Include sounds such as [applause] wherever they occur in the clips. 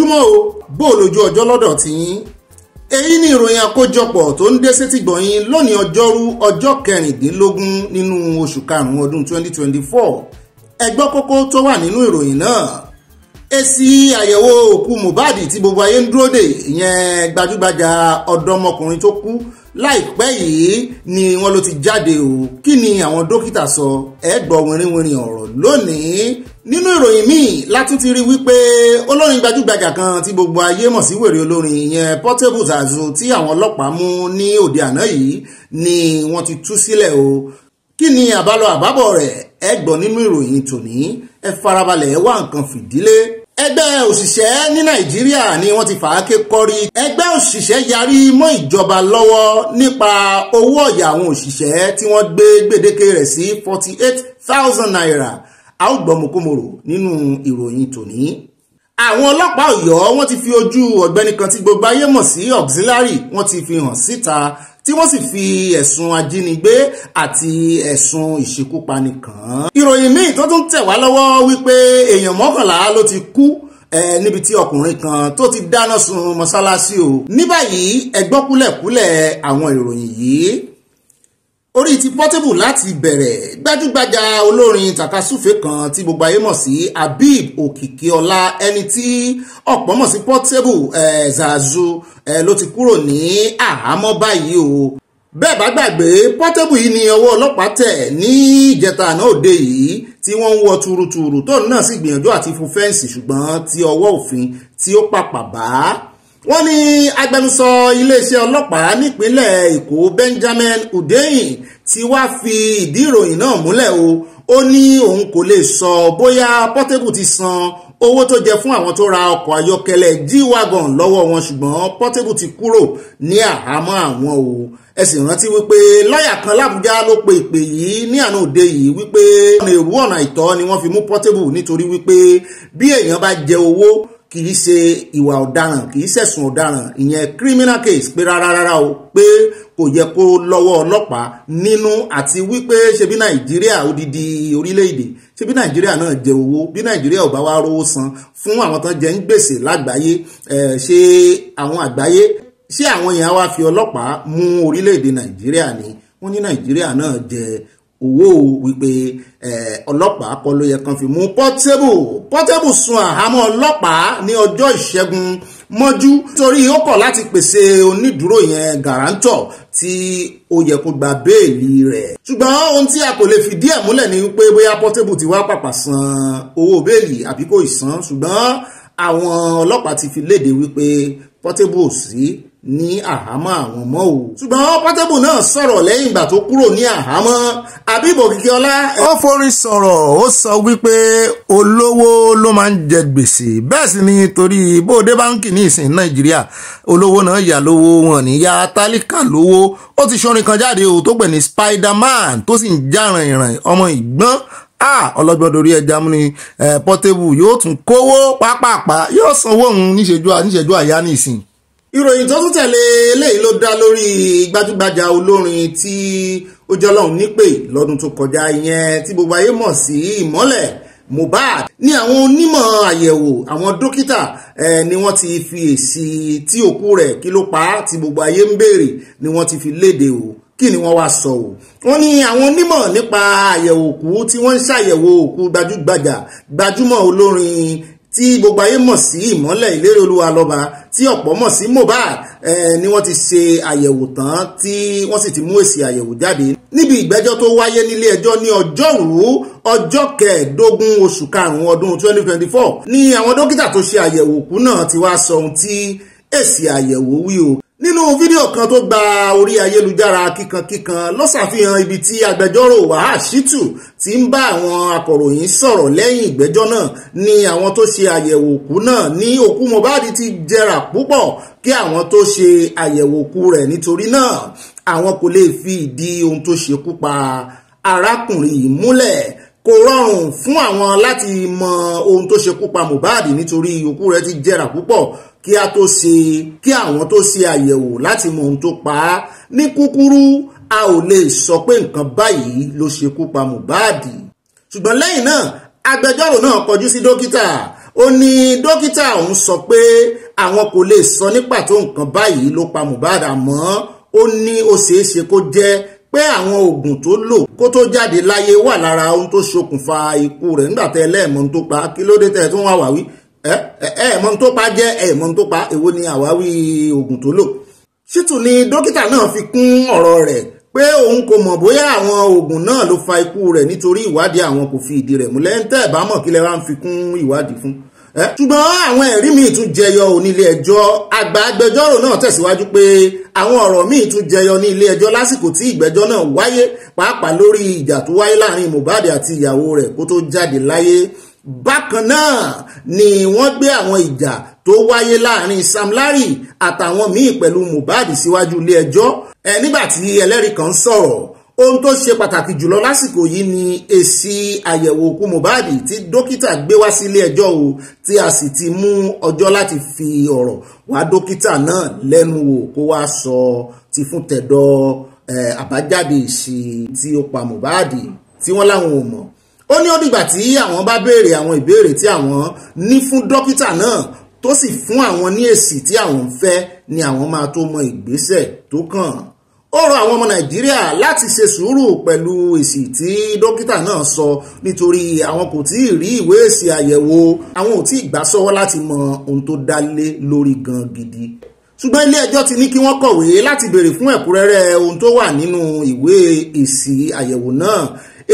ojúmọ́ o bó o lójú ọjọ́ lọ́dọ̀ tiyín èyí ni ìròyìn àkójọpọ̀ tó ń dé sétí gbọ̀nyìn lónìí ọjọ́rú ọjọ́ kẹrìndínlógún nínú oṣù karùn-ún ọdún 2024 ẹ gbọ́ kókó tó wà nínú ìròyìn náà èsì àyẹ̀wò òkú Mohbad tí gbogbo ayé ń dúró dè ìyẹn gbajúgbajà ọ̀dọ́mọkùnrin tó kú láìpẹ́ yìí ni wọ́n ló ti jáde o kí ni àwọn dókítà sọ ẹ gbọ́ wìrìwìrì ọ̀rọ̀ lónìí nínú ìròyìn míì látún ti rí wípé olórin gbajúgbajà kan tí gbogbo ayé mọ̀ sí wèrè olórin ìyẹn Portable Zazu tí àwọn ọlọ́pàá mú ní òde àná yìí ni wọ́n ti tú sílẹ̀ o kí ni àbálọ àbábọ̀ rẹ̀ ẹ gbọ́ nínú ìròyìn tòní ẹ farabalẹ̀ wá nǹkan fìdílé ẹgbẹ́ òṣìṣẹ́ ní nàìjíríà ni wọ́n ti fà á ké kọ́rí ẹgbẹ́ òṣìṣẹ́ yarí mọ́ ìjọba lọ́wọ́ nípa owó ọ̀yà àwọn òṣìṣẹ́ tí wọ́n gbé gbèdéke rẹ̀ sí forty eight thousand naira a ó gbọ́ mokomoro nínú ìròyìn tòní. àwọn ọlọ́pàá ọ̀yọ́ wọ́n ti fi ojú ọ̀gbẹ́ni kan tí gbogbo ayé mọ̀ sí auxiliary wọ́n ti fi hàn síta tí wọ́n sì fi ẹ̀sùn ajínigbé àti ẹ̀sùn ìṣekúpani kàn án. ìròyìn míì tó tún tẹ̀ wá lọ́wọ́ wípé èèyàn mọ́kànlá ló ti kú níbi tí ọkùnrin kan tó ti dáná sun mọ́sálásí o ní báyìí ẹ gbọ́ kúlẹ̀kúlẹ̀ àwọn ìròyìn yìí orí ti Portable láti bẹ̀rẹ̀ gbajúgbajà olórin tàkasúfè kan tí gbogbo ayé mọ̀ sí Habib Òkìkíọlá ẹni tí ọ̀pọ̀ mọ̀ sí Portable eh, Zazu eh, ló ti kúrò ní àhámọ́ báyìí o bẹ́ẹ̀ bá gbàgbé Portable yìí ni ọwọ́ ọlọ́pàá tẹ̀ ní ìjẹta àná òde yìí tí wọ́n ń wọ turuturu tóun náà sì gbìyànjú àti fún fẹ́ǹsì ṣùgbọ́n tí ọwọ́ òfin tí ó pàpà bá wọ́n ní agbẹnusọ iléeṣẹ́ ọlọ́pàá nípínlẹ̀ èkó benjamin hundeyin ti wá fi ìdí ìròyìn náà múlẹ̀ o ó ní òun kò lè sọ bóyá portable ti san owó tó jẹ fún àwọn tó ra ọkọ̀ ayọ́kẹ́lẹ́ g-wagon lọ́wọ́ wọn ṣùgbọ́n portable ti kúrò ní àhámọ́ àwọn o ẹ sì rántí wípé lọ́ọ̀yà kan làbújá ló pe ìpè yìí ní àná òde yìí wípé ọ̀nà èrú ọ̀nà ìtọ́ ni wọ́n fi mú portable nítorí wípé bí èèyàn bá jẹ owó kì í ṣe ìwà ọ̀daràn kì ṣẹ̀sùn ọ̀daràn ìyẹn criminal case pé rárá rárá o pé kò yẹ kó lọ́wọ́ ọlọ́pàá nínú àti wípé ṣebí nàìjíríà odidi orílẹ̀-èdè ṣebí nàìjíríà náà jẹ owó bí nàìjíríà ò bá wá rówó san fún àwọn tán jẹ ń gbèsè lágbàáyé ṣé àwọn àgbáyé ṣé àwọn yẹn á wá fi ọlọ́pàá mú orílẹ̀-èdè nàìjíríà ni wọ́n ní nàìjíríà náà jẹ owó wípé ọlọ́pàá kọ́ ló yẹ kan fi mú Portable Portable sun àhámọ́ ọlọ́pàá ní ọjọ́ ìṣẹ́gun mọ́jú torí ó kọ̀ láti pèsè onídùúró yẹn gàrántọ̀ tí ó yẹ kó gba béèlì rẹ̀ ṣùgbọ́n ohun tí a kò lè fìdí ẹ̀ múlẹ̀ ni pé bóyá Portable ti wá pàpà san owó béèlì àbí kò ì san ṣùgbọ́n àwọn ọlọ́pàá ti fi léde wípé Portable sí ní àhámọ́ àwọn mọ́ o. ṣùgbọ́n pọ́tẹ́bù náà sọ̀rọ̀ lẹ́yìn ìgbà tó kúrò ní àhámọ́ àbíbò kíkíọ́lá. ó forí sọ̀rọ̀ ó sọ wípé olówó ló máa ń jẹ gbèsè bẹ́ẹ̀ sì ni torí bóde báńkì ní ìsìn nàìjíríà olówó náà yà lówó wọn ní ya tálíkà lówó ó ti ṣorin kan jáde o tó pè ní Spiderman tó sì ń jàràn ìràn ọmọ ìgbọ́n ọlọ́gbọ́n dorí ẹja mú ni Portable yóò tún kówó pápápá yóò sanwó òun níṣẹ́jú àyá nísìn ìròyìn tó tún tẹ̀lé eléyìí ló dá lórí gbajúgbajà olórin tí ó jọlọ́hún nípè lọ́dún tó kọjá ìyẹn tí gbogbo ayé mọ̀ sí ìmọ́lẹ̀ Mohbad ní àwọn onímọ̀ àyẹ̀wò àwọn dókítà ni wọ́n ti fi èsì tí òkú rẹ̀ kí ló pa á tí gbogbo ayé ń béèrè ni wọ́n ti fi léde o kí ni wọ́n wá sọ o wọ́n ní àwọn onímọ̀ nípa àyẹ̀wò òkú tí wọ́n ń ṣàyẹ̀wò òkú gbajúgbajà gbajúmọ̀ olórin tí gbogbo ayé mọ̀ sí ìmọ́lẹ̀ ìlérí olúwa lọ́ba tí ọ̀pọ̀ mọ̀ sí Mohbad ni wọ́n ti ṣe àyẹ̀wò tán tí wọ́n sì ti mú èsì àyẹ̀wò jáde. níbi ìgbẹ́jọ́ tó wáyé nílé ẹjọ́ ní ọjọ́rú ọjọ́ kẹẹ̀ẹ́dógún oṣù karùn-ún ọdún 2024 ni àwọn dókítà tó ṣe àyẹ̀wò òkú náà ti wá sọ ohun tí èsì àyẹ̀wò wí o nínú fídíò kan tó gba orí ayélujára kíkankíkan ló ṣàfihàn ibi tí agbẹjọ́rò wàhálà ṣítù ti ń bá àwọn akọ̀ròyìn sọ̀rọ̀ lẹ́yìn ìgbẹ́jọ́ náà ni àwọn tó ṣe àyẹ̀wò òkú náà ní òkú Mohbad ti jẹrà púpọ̀ kí àwọn tó ṣe àyẹ̀wò òkú rẹ̀ nítorí náà àwọn kò lè fi ìdí ohun tó ṣekú pa arákùnrin yìí múlẹ̀ kò rọrùn fún àwọn láti mọ ohun tó ṣekú pa Mohbad nítorí òkú rẹ̀ ti jẹrà púpọ̀ kí a tó ṣe kí àwọn tó ṣe àyẹ̀wò láti mọ ohun tó pa á ní kúkúrú a ò lè sọ pé nǹkan báyìí ló ṣekú pa Mohbad ṣùgbọ́n lẹ́yìn náà agbẹjọ́rò náà kọjú sí dókítà ó ní dókítà òun sọ pé àwọn kò lè sọ ní pàtó nǹkan báyìí ló pa Mohbad àmọ́ ó ní ó ṣeé ṣe kó jẹ́ pé àwọn oògùn tó lò kó tó jáde láyé wà lára ohun tó ṣokùnfà ikú rẹ̀ nígbà tẹ́ ẹlẹ́ẹ̀mọ́ tó pa kí tẹ́ ẹ tún wá wí ẹ ẹ mọ̀ tó pa jẹ́ ẹ mọ̀ tó pa èwo ni àwáwí oògùn tó lò ṣètò ni dókítà náà fi kún ọ̀rọ̀ rẹ̀ pé òun kò mọ̀ bóyá àwọn oògùn náà ló fa ikú rẹ̀ nítorí ìwádìí àwọn kò fi ìdí rẹ̀ múlẹ̀ ń tẹ́ ẹ̀ bá mọ̀ kí lẹ wá ń fi kún ìwádìí fún ṣùgbọ́n àwọn ẹ̀rí míì tún jẹyọ onílé ẹjọ́ àgbà agbẹjọ́rò náà tẹ̀síwájú pé àwọn ọ̀rọ̀ míì tún jẹyọ ní ilé ẹjọ́ lásìkò tí ìgbẹ́jọ́ náà wáyé pàápàá lórí ìjà tó wáyé láàrin Mohbad àti ìyàwó rẹ̀ kó tó jáde láyé bákan náà ni wọ́n gbé àwọn ìjà tó wáyé láàrin Sam Larry àtàwọn míì pẹ̀lú Mohbad síwájú ilé ẹjọ́ ẹ nígbà tí ẹlẹ́rìí kan sọ̀rọ̀ ohun tó ṣe pàtàkì jùlọ lásìkò yìí ni èsì àyẹ̀wò òkú Mohbad tí dókítà gbé wá sílé ẹjọ́ o tí a sì ti mú ọjọ́ láti fi ọ̀rọ̀ wá dókítà náà lẹ́nu wò kó wá sọ ti fún tẹ̀dọ̀ àbájáde èsì tí ó pa Mohbad tí wọ́n láwọn ò mọ̀ ó ní ó dìgbà tí àwọn bá béèrè àwọn ìbéèrè tí àwọn ní fún dókítà náà tó sì fún àwọn ní èsì tí àwọn ń fẹ́ ni àwọn máa tó mọ ìgbésẹ̀ tó kàn ó rọ àwọn ọmọ nàìjíríà láti ṣe sùúrù pẹ̀lú èsì tí dókítà náà sọ nítorí àwọn kò tí ì rí ìwé èsì àyẹ̀wò àwọn ò tí ì gbà sọ́wọ́ láti mọ ohun tó dá lé lórí gan gidi ṣùgbọ́n ilé ẹjọ́ ti ní kí wọ́n kọ̀wé láti béèrè fún ẹ̀kúnrẹ́rẹ́ ohun tó wà nínú ìwé èsì àyẹ̀wò náà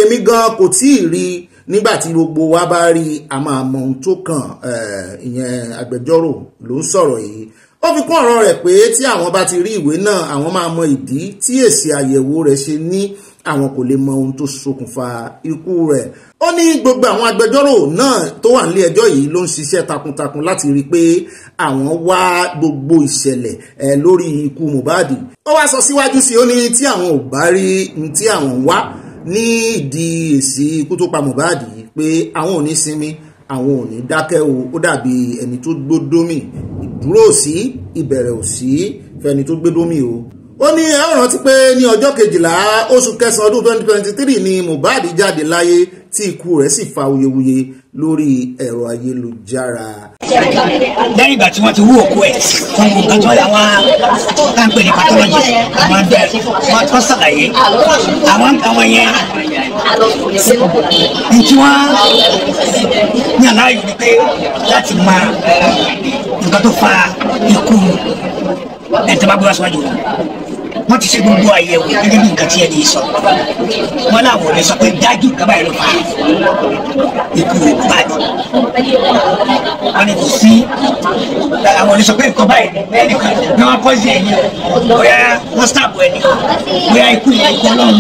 èmi gan kò tí ì rí i nígbà tí gbogbo wa bá rí i a máa mọ ohun tó kàn eh, ìyẹn agbẹjọ́rò ló ń sọ̀rọ̀ yìí ó fi kún ọ̀rọ̀ rẹ̀ pé tí àwọn bá ti rí ìwé náà àwọn máa mọ ìdí tí èsì àyẹ̀wò rẹ̀ ṣe ní àwọn kò lè mọ ohun tó ṣokùnfà ikú rẹ̀ ó ní gbogbo àwọn agbẹjọ́rò náà tó wà nílé ẹjọ́ yìí ló ń ṣiṣẹ́ takuntakun láti rí i pé àwọn wá gbogbo ìṣẹ̀lẹ̀ ẹ̀ eh, lórí ikú Mohbad ó wá sọ síwájú sí i ó ní tí àwọn ò bá rí ní tí àwọn wá ní ìdí èsì ikú tó pa Mohbad yìí pé àwọn ò ní sinmi àwọn ò ní dákẹ́ o ó dàbí ẹni tó gbódómì ìdúró sí ìbẹ̀rẹ̀ ò sí fẹni tó gbódómì o ó ní ẹ rántí pé ní ọjọ́ kejìlá oṣù kẹsàn-án ọdún 2023 ni Mohbad jáde láyé tí ikú rẹ̀ sì fa awuyewuye lórí ẹ̀rọ ayélujára. lẹ́yìn ìgbà tí wọ́n ti wú òkú ẹ̀ wọ́n mú nǹkan tó yà wá láǹpẹ̀ ní pathologist àwọn bẹ̀ wọ́n tó ṣàlàyé àwọn àwọn yẹn ní tí wọ́n yàn láàyò ni pé láti mọ nǹkan tó fa ikú ẹ̀ tẹ́ bá gbé wá síwájú wọn wọ́n ti ṣe gbogbo àyẹ̀wò gẹ́gẹ́ bí nǹkan tí ẹni sọ wọ́n láwọn ọ̀rẹ́ sọ pé dájú kaba ẹ̀rọ fà ikú bad wọ́n ní kò sí àwọn ọ̀rẹ́ sọ pé nǹkan báyìí ẹnì kan ní wọ́n pọ́sí ẹ̀yìn bóyá wọ́n sáàbù ẹni bóyá ikú yẹn kọ́ lọ́run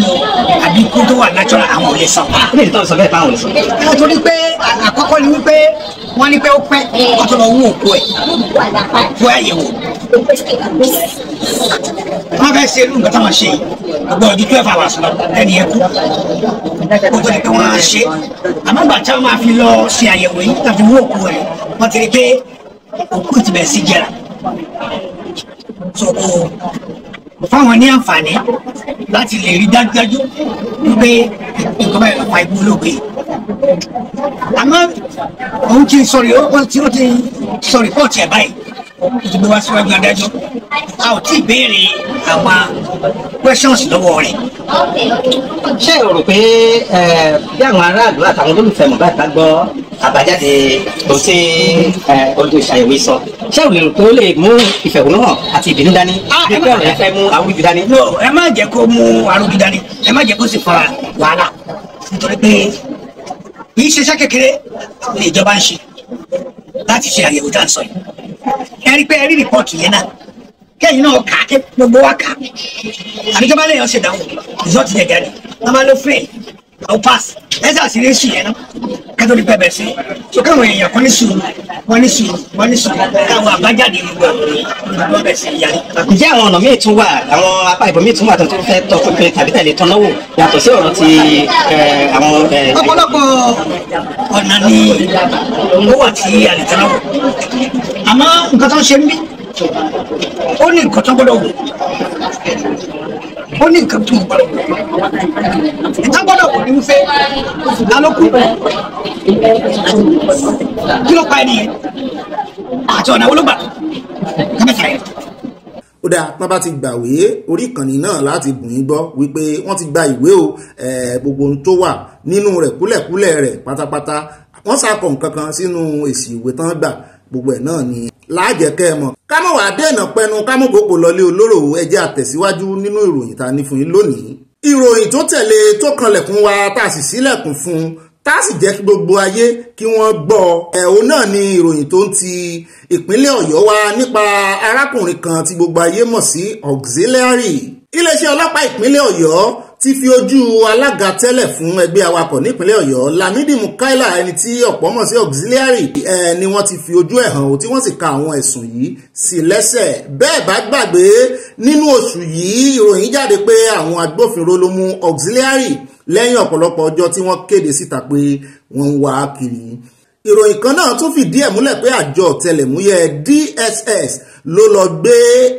o àbí ikú tó wà natural àwọn ọ̀rẹ́ sọ. kí ni ìtọ́ sọ bẹ́ẹ̀ báwọn sọ. ẹ torí pé àkọ́kọ́ ni wípé wọ́n ní pé ó pẹ́ ọ̀tọ̀ lọ wú wọ́n fẹ́ ṣe irú nǹkan táwọn ṣe yìí ọdún twelve hours lọ ẹni ẹ kú kó tó di pé wọ́n á ṣe àmọ́ ìgbà máa fi lọ ṣe àyẹ̀wò yìí tàbí wọ́n òkú rẹ̀ wọ́n ti rí pé òkú ti bẹ̀rẹ̀ sí jẹrà so fáwọn ní àǹfààní láti lè rí dájúdájú wípé nǹkan báyìí lọ́pàá ikú olóògbé àmọ́ òun ti sọ̀rọ̀ ó ti sọ̀rọ̀ pọ̀ tiẹ̀ báyìí ìdìbò wá síwájú adájọ́ a ò tí ì béèrè àwọn questions lọ́wọ́ rẹ̀. ṣé o rò pé bí àwọn aráàlú àtàwọn olólùfẹ́ Mohbad bá gbọ́ àbájáde ohun tí olùdó ìṣàyẹ̀wò sọ ṣé o lè rò pé ó lè mú ìfẹ̀hónúhàn àti ìbínú dání ah, bí pé ọ̀rọ̀ fẹ́ mú arúgbó dání. no ẹ má jẹ́ kó mú arúgbó dání ẹ má jẹ́ kó sì fa wàhálà nítorí pé kì í ṣe iṣẹ́ kékeré ìjọba ń ṣe láti ṣe àyẹ̀wò tá yìí ẹ pé ẹ rí yẹn náà kẹ́yìn náà kà á ké gbogbo wa kà àbí tọ́ba lẹ́yìn ọ̀sẹ̀ dáhùn result yẹn jáde tọ́ba ló fail àwọn pass yẹn náà kátó ní pẹ́ sí so káwọn èèyàn kan ní sùúrù wọ́n ní sùúrù wọ́n ní sùúrù káwọn àbájáde gbogbo ìgbàgbọ́ bẹ́ẹ̀ sí ìyá ǹjẹ́ àwọn ọ̀nà míì tún wà àwọn apá ìbò míì tún wà tó àmọ́ nǹkan tó ń ṣe ń bí ó ní nǹkan tó gbọ́dọ̀ wò ó ní nǹkan tó gbọ́dọ̀ wò nǹkan gbọ́dọ̀ wò ní wípé lálókù kí ló pa ẹni yẹn àti ọ̀nà olóògbà kámẹ́ta yẹn. ó dáa tán bá ti gbàwé orí ìkànnì náà láti bùn yín gbọ́ wípé wọ́n ti gba ìwé o gbogbo ohun tó wà nínú rẹ̀ kúlẹ̀kúlẹ̀ rẹ̀ pátápátá wọ́n sàkọ̀ nǹkan kan sínú èsì ìwé tán gbà gbogbo ẹ̀ náà ni láàjẹkẹ́ ẹ mọ̀ ká mọ̀ wàá dènà pẹnu ká mọ̀ gbogbo lọlé olóró ẹjẹ́ àtẹ̀síwájú nínú ìròyìn ta ni fún yín lónìí ìròyìn tó tẹ̀lé tó kanlẹ̀kùn wa tá a sì sílẹ̀kùn fún tá a sì jẹ́ kí gbogbo ayé kí wọ́n gbọ́ ẹ̀hún náà ni ìròyìn tó ń ti ìpínlẹ̀ Ọ̀yọ́ wa nípa arákùnrin kan tí gbogbo ayé mọ̀ sí auxiliary iléeṣẹ́ ọlọ́pàá ìpínlẹ̀ Ọ̀yọ́ ti fi ojú alága tẹ́lẹ̀ fún ẹgbẹ́ awakọ̀ nípínlẹ̀ ọ̀yọ́ lamidi mukaila ẹni tí ọ̀pọ̀ mọ̀ sí auxiliary ẹ ni wọ́n ti fi ojú ẹ̀ hàn tí wọ́n sì ka àwọn ẹ̀sùn yìí sí lẹ́sẹ̀ bẹ́ẹ̀ bá gbàgbé nínú oṣù yìí ìròyìn jáde pé àwọn agbófinró ló mú auxiliary lẹ́yìn ọ̀pọ̀lọpọ̀ ọjọ́ tí wọ́n kéde síta pé wọ́n ń wá kiri ìròyìn kan náà tún fìdí ẹ̀ múlẹ̀ pé àjọ ọ̀tẹlẹ̀múyẹ́ DSS ló lọ gbé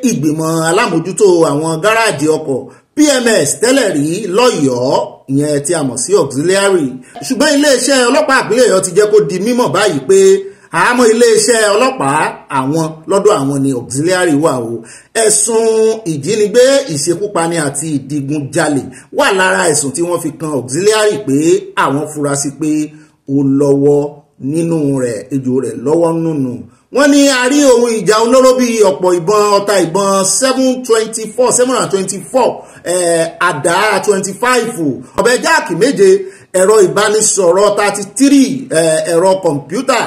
ìgbìmọ̀ alámòjútó àwọn gáràjì ọkọ̀ PMS tẹ́lẹ̀ rí lọ́yọ̀ọ́ ìyẹn tí a mọ̀ sí auxiliary ṣùgbọ́n iléeṣẹ́ ọlọ́pàá àpilẹ̀ Ọ̀yọ́ ti jẹ́ kó di mímọ̀ báyìí pé àmọ́ iléeṣẹ́ ọlọ́pàá àwọn lọ́dọ̀ àwọn ni auxiliary wà o ẹ̀sùn ìjínigbé ìṣekúpani àti ìdigunjalè wà lára ẹ̀sùn tí wọ́n fi kan auxiliary pé àwọn fura sí pé ó lọ́wọ́ nínú rẹ̀ ejò rẹ̀ lọ́wọ́ nùnù wọ́n ní a rí ohun ìjà olóró bíi ọ̀pọ̀ ìbọn ọta ìbọn seven twenty four seven hundred twenty four eh, àdá twenty five ọ̀bẹ jáàkì méje ẹ̀rọ ìbánisọ̀rọ̀ thirty three eh, ẹ̀rọ kọ̀ǹpútà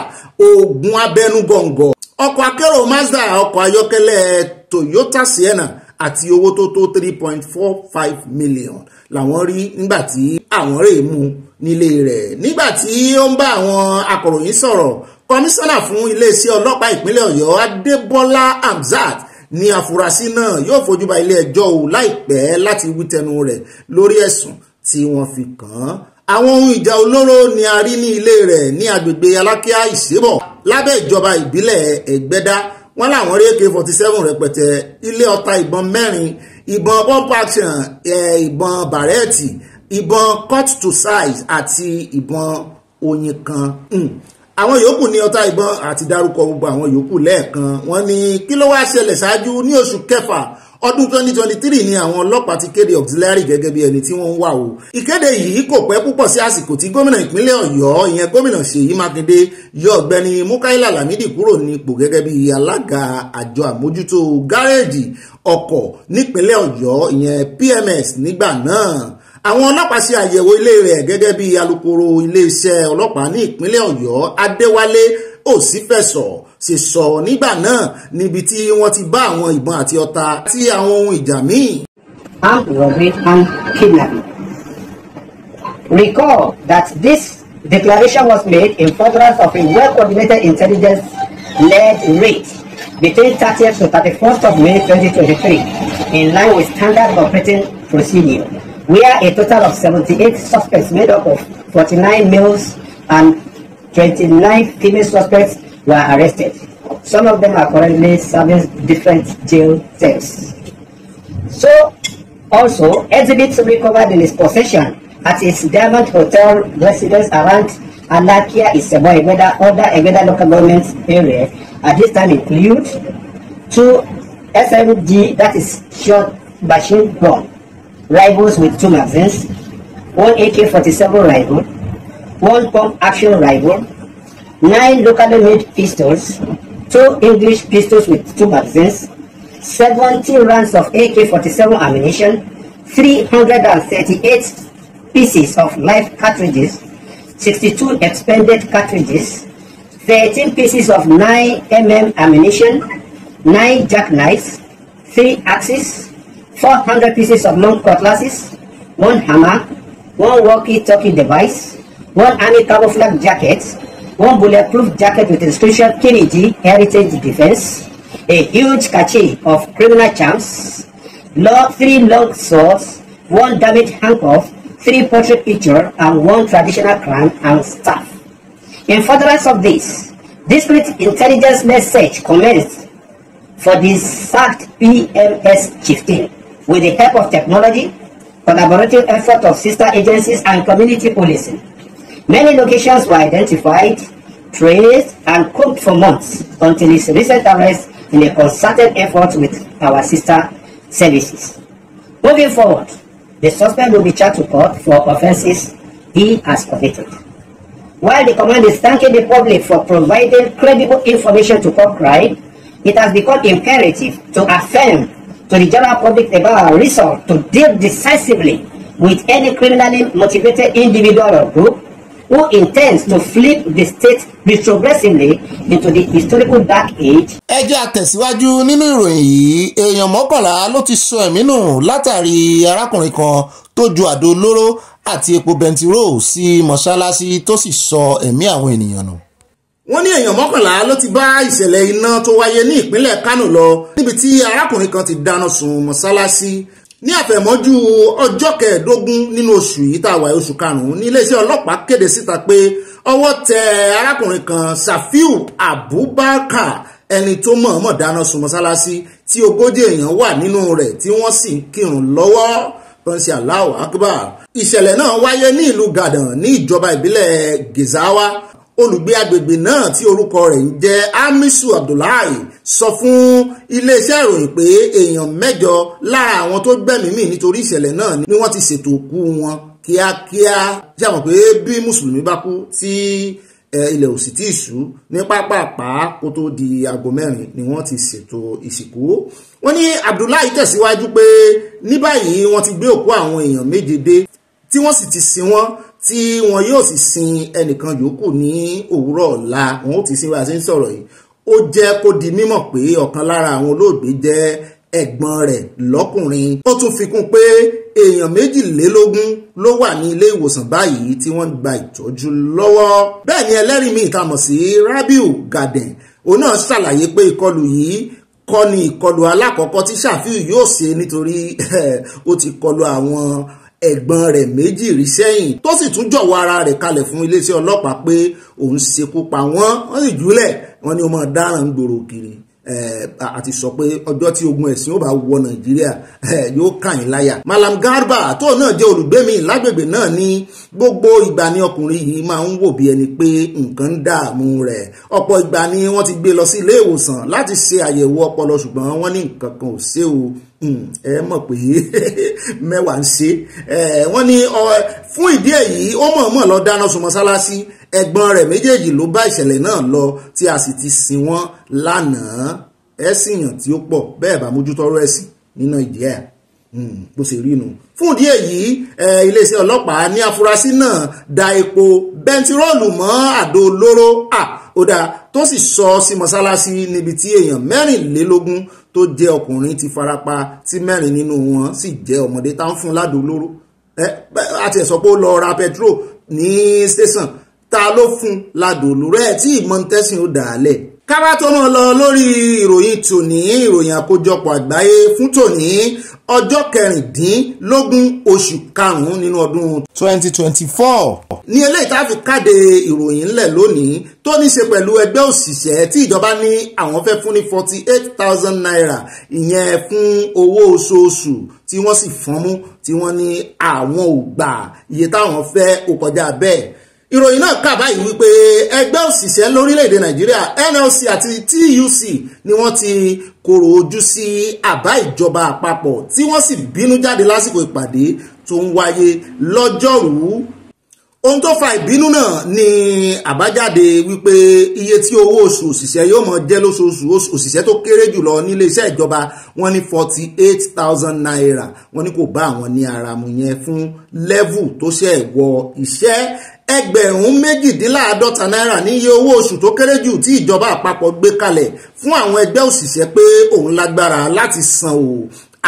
oògùn abẹnugọ̀ngọ̀ ọkọ̀ akérò mazda ọkọ̀ ayọ́kẹ́lẹ́ toyota sienna àti owó tó tó three point four five million làwọn rí nígbà tí àwọn rèé mú nílé rẹ̀ nígbà tí ó ń bá àwọn akọ̀ròyìn sọ̀rọ̀ kọmíṣánná fún iléeṣẹ́ ọlọ́pàá ìpínlẹ̀ ọ̀yọ́ adébọ́lá hamzat ní àfúrásì náà yóò fojú ba ilé-ẹjọ́ o láìpẹ́ láti wí tẹnu rẹ̀ lórí ẹ̀sùn tí wọ́n fi kàn án àwọn ohun ìjà olóró ni a rí ní ilé rẹ̀ ní agbègbè alákíá ìṣẹ́bọ̀ lábẹ́ ìjọba ìbílẹ̀ ẹ̀gbẹ́dá wọ́n làwọn rí ak forty seven rẹpẹtẹ ilé ọta ìbọn mẹ́rin ìbọn pump action ìbọn bàrẹ́ẹ̀tì ìbọn cut to size àti ìbọn oyin kan hmm àwọn yòókù ní ọta ìbọn àti dárúkọ gbogbo àwọn yòókù lẹ́ẹ̀kan wọ́n ní kí ló wá ṣẹlẹ̀ ṣáájú ní oṣù kẹfà ọdún 2023 ni àwọn ọlọ́pàá ti kéde auxiliary gẹ́gẹ́ bí ẹni tí wọ́n ń wà o ìkéde yìí kò pẹ́ púpọ̀ sí àsìkò tí gómìnà ìpínlẹ̀ ọ̀yọ́ ìyẹn gómìnà ṣèyí mákindé yọ ọ̀gbẹ́ni mukaila lamidi kúrò ní ipò bí alága àjọ àmójútó gáréèjì ọkọ̀ nípínlẹ̀ ọ̀yọ́ ìyẹn pms nígbà náà àwọn ọlọ́pàá ṣe àyẹ̀wò ilé rẹ̀ gẹ́gẹ́ bí alukoro iléeṣẹ́ ọlọ́pàá ní ìpínlẹ̀ ọ̀yọ́ adéwálé òsínfẹ̀sọ ṣe sọ nígbà náà níbi tí wọ́n ti bá àwọn ìbọn àti ọta àti àwọn ohun ìjà míì. armed robbery and kidnapping. Recall that this declaration was made in furtherance of a well-coordinated intelligence-led raid between 30th to 31st of May 2023 in line with standard operating procedure. where a total of 78 suspects made up of 49 males and 29 female suspects were arrested. Some of them are currently serving different jail terms. So, also, exhibits recovered in his possession at his Diamond Hotel residence around Alakia Iseboy, whether other Egeda local government area at this time include two SMG, that is short machine gun, rifles with two magazines, one AK-47 rifle, one pump-action rifle, nine locally made pistols, two English pistols with two magazines, 70 rounds of AK-47 ammunition, 338 pieces of live cartridges, 62 expended cartridges, 13 pieces of 9mm ammunition, 9 jackknives, 3 axes, 400 pieces of long cutlasses, one hammer, one walkie-talkie device, one army camouflage jacket, one bulletproof jacket with inscription Kiriji Heritage Defense, a huge cache of criminal charms, three long swords, one damaged handcuff, three portrait picture, and one traditional crown and staff. In furtherance of this, discreet intelligence message commenced for the sacked PMS chieftain with the help of technology, collaborative effort of sister agencies and community policing. Many locations were identified, traced, and cooked for months until his recent arrest in a concerted effort with our sister services. Moving forward, the suspect will be charged to court for offenses he has committed. While the command is thanking the public for providing credible information to court crime, it has become imperative to affirm to the general public about our resolve to deal decisively with any criminally motivated individual or group who intends to flip the state retrogressively into the historical dark age. ẹ jẹ́ àtẹ̀síwájú nínú ìròyìn yìí èèyàn mọ́kànlá ló ti sọ ẹ̀mí nù látàrí arákùnrin kan tó ju àdó olóró àti epo bẹntiró sí mọ́ṣáláṣí tó sì sọ ẹ̀mí àwọn ènìyàn nù wọ́n ní èèyàn mọ́kànlá ló ti bá ìṣẹ̀lẹ̀ iná tó wáyé ní ìpínlẹ̀ Kánò lọ níbi tí arákùnrin kan ti dáná sun mọ́sálásí ní àfẹ̀mọ́jú ọjọ́ kẹẹ̀ẹ́dógún nínú oṣù yìí tá a wà oṣù karùn-ún ní iléeṣẹ́ ọlọ́pàá kéde síta pé ọwọ́ tẹ arákùnrin kan Safiu Abubakar ẹni tó mọ̀ọ́mọ̀ dáná sun mọ́sálásí tí ogójì èèyàn wà nínú rẹ̀ tí wọ́n sì kírun lọ́wọ́ tó ń ṣe ìṣẹ̀lẹ̀ náà wáyé ní ìlú Gàdàn ní ìjọba ìbílẹ̀ Gezawa olùgbé agbègbè náà tí orúkọ rẹ̀ ń jẹ́ amisu abdullahi sọ fún iléeṣẹ́ ìròyìn pé èèyàn mẹ́jọ lára àwọn tó gbẹ̀mí mì nítorí ìṣẹ̀lẹ̀ náà ni wọ́n ti ṣètò òkú wọn kíákíá jàmọ̀ pé bí mùsùlùmí bá kú tí ilẹ̀ òsì tí ìṣú ní pápápá kó tó di aago mẹ́rin ni wọ́n ti ṣètò ìsìnkú wọ́n ní abdullahi tẹ̀síwájú pé ní báyìí wọ́n ti gbé òkú àwọn èèyàn méje dé tí wọ́n sì ti sin wọ́n tí wọn yóò sì sin ẹnìkan yòókù ní òwúrọ̀ ọ̀la wọn ó ti sin wá sí ń sọ̀rọ̀ yìí ó jẹ́ kó di mímọ̀ pé ọ̀kan lára àwọn olóògbé jẹ́ ẹ̀gbọ́n rẹ̀ lọ́kùnrin ó tún fi pé èèyàn méjìlélógún ló wà ní ilé ìwòsàn báyìí tí wọ́n ń gba ìtọ́jú lọ́wọ́ bẹ́ẹ̀ ni ẹlẹ́rìí mi ìta sí Rabiu garden, òun náà ṣàlàyé pé ìkọlù yìí kọ́ ni ìkọlù alákọ̀ọ́kọ́ tí Ṣàfíù yóò ṣe nítorí [laughs] ó ti kọlù àwọn ẹ̀gbọ́n rẹ̀ méjì rí sẹ́yìn tó sì tún jọ̀wọ́ ara rẹ̀ kalẹ̀ fún iléeṣẹ́ ọlọ́pàá pé òun ṣekú pa wọ́n wọ́n sì júlẹ̀ wọ́n ní ó dáràn gbòòrò kiri àti sọ pé ọjọ́ tí ogun ẹ̀sìn ó bá wọ nàìjíríà yóò kàyìn láyà. malam garba tó náà jẹ́ olùgbé mi lágbègbè náà ní gbogbo ìgbà ni ọkùnrin yìí máa ń wò bí ẹni pé nǹkan ń dààmú rẹ̀ ọ̀pọ̀ ìgbà ni wọ́n ti gbé lọ sí ilé ìwòsàn láti ṣe àyẹ̀wò ọpọlọ ṣùgbọ́n wọ́n ní nǹkan kan ò ṣe Hmm, ẹ mọ̀ pé [laughs] mẹ́wàá ń ṣe wọ́n ní fún ìdí èyí ó mọ̀ọ́mọ̀ lọ dáná sun mọ́sálásí ẹ̀gbọ́n rẹ̀ méjèèjì ló bá ìṣẹ̀lẹ̀ náà lọ tí a sì ti sin wọ́n lánàá ẹ̀sìnyàn tí ó pọ̀ bẹ́ẹ̀ bá mójútọ́rọ̀ ẹ̀sìn nínú ìdí ẹ̀ bó ṣe rí nu fún ìdí èyí iléeṣẹ́ ọlọ́pàá ní afurasí náà da epo bẹntiróòlù mọ́ àdó olóró ó dáa tó sì sọ sí mọ́sálásí níbi tí èèyàn mẹ́rìnlélógún tó jẹ́ ọkùnrin ti farapa tí mẹ́rin nínú wọn sì jẹ́ ọmọdé tá ń fún ládùú a ti sọ pé ó lọ ra petrol ní station ta ló fún ládùú lóró ẹ̀ tí ìmọ̀ ń tẹ́sìn ó dà á lẹ̀ kábà tó mọ̀ lọ lórí ìròyìn tòní ìròyìn àkójọpọ̀ àgbáyé fún tòní ọjọ́ kẹrìndínlógún oṣù karùn nínú ọdún 2024. ní eléyìí tá a fi káde ìròyìn ńlẹ̀ lónìí tó ní ṣe pẹ̀lú ẹgbẹ́ òṣìṣẹ́ tí ìjọba ní àwọn fẹ́ fún ní forty eight thousand naira ìyẹn fún owó oṣooṣù tí wọ́n sì fọ́nmú tí wọ́n ní àwọn ò gbà iye táwọn fẹ́ ó bẹ́ẹ̀ ìròyìn náà kà báyìí wípé ẹgbẹ́ òṣìṣẹ́ lórílẹ̀‐èdè nàìjíríà NLC àti TUC ni wọ́n ti kòrò ojú sí àbá ìjọba àpapọ̀ tí wọ́n sì bínú jáde lásìkò ìpàdé tó ń wáyé lọ́jọ́rùú ohun tó fa ìbínú náà ni àbájáde wípé iye tí owó oṣù òṣìṣẹ́ yóò mọ jẹ́ lóṣooṣù òṣìṣẹ́ tó kéré jùlọ nílé iṣẹ́ ìjọba wọ́n ní forty eight thousand naira wọ́n ní kò bá àwọn ní ara mu yẹn fún level tó ṣe wọ iṣẹ́ ẹgbẹ̀rún méjìdínláàádọ́ta náírà ní iye owó oṣù tó kéré jù tí ìjọba àpapọ̀ gbé kalẹ̀ fún àwọn ẹgbẹ́ òṣìṣẹ́ pé òun lágbára láti san o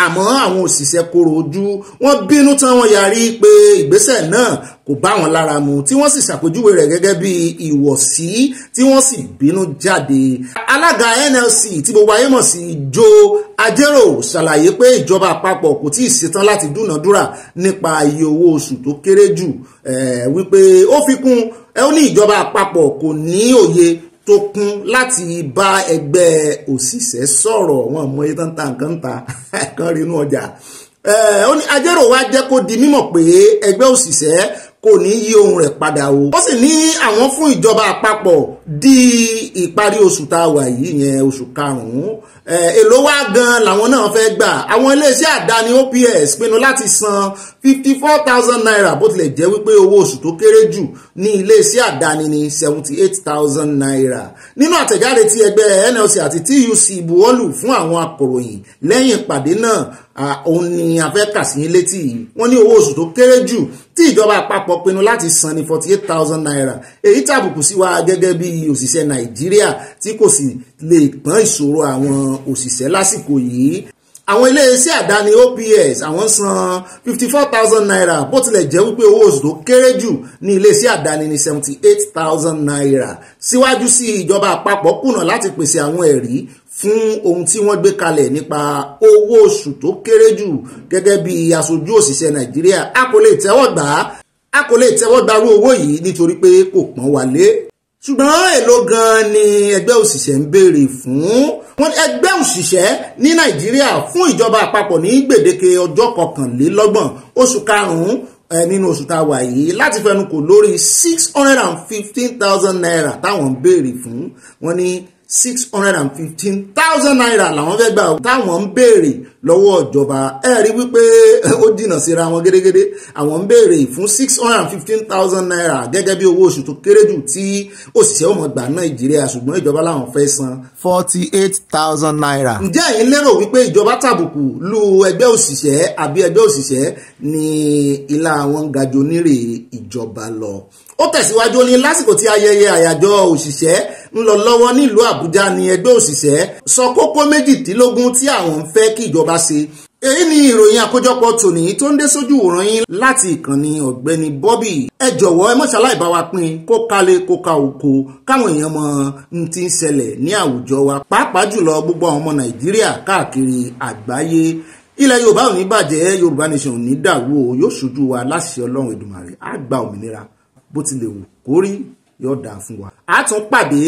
àmọ́ àwọn òṣìṣẹ́ kóró ojú wọ́n bínú tán wọ́n yarí pé ìgbésẹ̀ náà kò bá wọn lára mu tí wọ́n sì ṣàpèjúwe rẹ̀ gẹ́gẹ́ bí ìwọ̀sí tí wọ́n sì bínú jáde. alága NLC tí gbogbo ayé mọ̀ sí Joe Ajero ṣàlàyé pé ìjọba àpapọ̀ kò tí ì ṣetán láti dúnàdúrà nípa iye owó oṣù tó kéré jù wípé ó fi kún ẹ ó ní ìjọba àpapọ̀ kò ní òye tó kún láti bá ẹgbẹ́ òṣìṣẹ́ sọ̀rọ̀ wọn mọ iye tán ta nǹkan ta [laughs] kan rí inú ọjà ó ní ajẹ́rò wa jẹ́ kó di mímọ̀ pé ẹgbẹ́ òṣìṣẹ́ kò ní yí ohun rẹ̀ padà o. ó sì ní àwọn fún ìjọba àpapọ̀ di ìparí oṣù tá a wà yìí yẹn oṣù karùn-ún. èló wá gan làwọn náà fẹ́ gbà àwọn iléeṣẹ́ àdáni OPS pinnu láti san fifty four thousand naira bó tilẹ̀ jẹ́ wípé owó oṣù tó kéré jù ní iléeṣẹ́ àdáni ní seventy eight thousand naira. nínú àtẹ̀jáde tí ẹgbẹ́ NLC àti TUC buwọ́lù fún àwọn akọ̀ròyìn lẹ́yìn ìpàdé náà òun ni a fẹ́ kà sí yín létí yìí wọ́n ní owó oṣù tó kéré jù tí ìjọba àpapọ̀ pinnu láti san ní forty eight thousand naira èyí tàbùkù sí wa gẹ́gẹ́ bí òṣìṣẹ́ nàìjíríà tí kò sì lè pọ́n ìṣòro àwọn òṣìṣẹ́ lásìkò yìí àwọn iléeṣẹ́ àdáni OPS àwọn san fifty four thousand naira bó tilẹ̀ jẹ́ wípé owó oṣù tó kéré jù ní iléeṣẹ́ àdáni ní seventy eight thousand naira síwájú sí ìjọba àpapọ̀ kùnà láti pèsè àwọn ẹ̀rí fún ohun tí wọ́n gbé kalẹ̀ nípa owó oṣù tó kéré jù gẹ́gẹ́ bí aṣojú òṣìṣẹ́ Nàìjíríà a kò lè tẹ́wọ́ gbà a kò lè tẹ́wọ́ gbarú owó yìí nítorí pé kò pọ́n wálé ṣùgbọ́n èló gan-an ni ẹgbẹ́ òṣìṣẹ́ ń béèrè fún wọn ẹgbẹ́ òṣìṣẹ́ ní nàìjíríà fún ìjọba àpapọ̀ ní gbèdéke ọjọ́ kọkànlélọ́gbọ̀n oṣù karùn-ún nínú oṣù tá a wà yìí láti fẹnukò lórí six hundred and fifteen thousand naira táwọn ń béèrè fún wọn ní six hundred and fifteen thousand naira làwọn fẹ́ gbà táwọn ń béèrè lọ́wọ́ ìjọba ẹ rí wípé ó dìnà síra wọn gédégédé àwọn ń béèrè fún six hundred and fifteen thousand naira gẹ́gẹ́ bí owó oṣù tó kéré jù tí òṣìṣẹ́ ọmọ gbà Nàìjíríà ṣùgbọ́n ìjọba làwọn fẹ́ san. forty eight thousand naira. ǹjẹ́ ẹ̀yin lérò wípé ìjọba tàbùkù lu ẹgbẹ́ òṣìṣẹ́ àbí ẹgbẹ́ òṣìṣẹ́ ní ilá àwọn gajo nírè ìjọba lọ ó tẹ̀síwájú ní lásìkò tí ayẹyẹ àyájọ́ òṣìṣẹ́ ń lọ lọ́wọ́ nílùú Àbújá ni ẹgbẹ́ òṣìṣẹ́ sọ kókó méjìdínlógún tí àwọn ń fẹ́ kí ìjọba Ọláṣe èyí ni ìròyìn àkójọpọ̀ tòní tó ń dé sójú òràn yín láti ìkànnì ọ̀gbẹ́ni Bobby ẹ jọ̀wọ́ ẹ mọ̀ṣálá ìbáwa pín kó kalẹ̀ kó ka oko káwọn èèyàn mọ n ti ń ṣẹlẹ̀ ní àwùjọ wa pàápàá jùlọ gbogbo àwọn ọmọ Nàìjíríà káàkiri àgbáyé ilẹ̀ Yorùbá ò ní bàjẹ́ Yorùbá nation ò ní dàwó yóò ṣojú wa láṣẹ Ọlọ́run Èdùmàrè á gba òmìnira bó tilẹ̀ wù kórí yóò dáa fún wa. a tún pàdé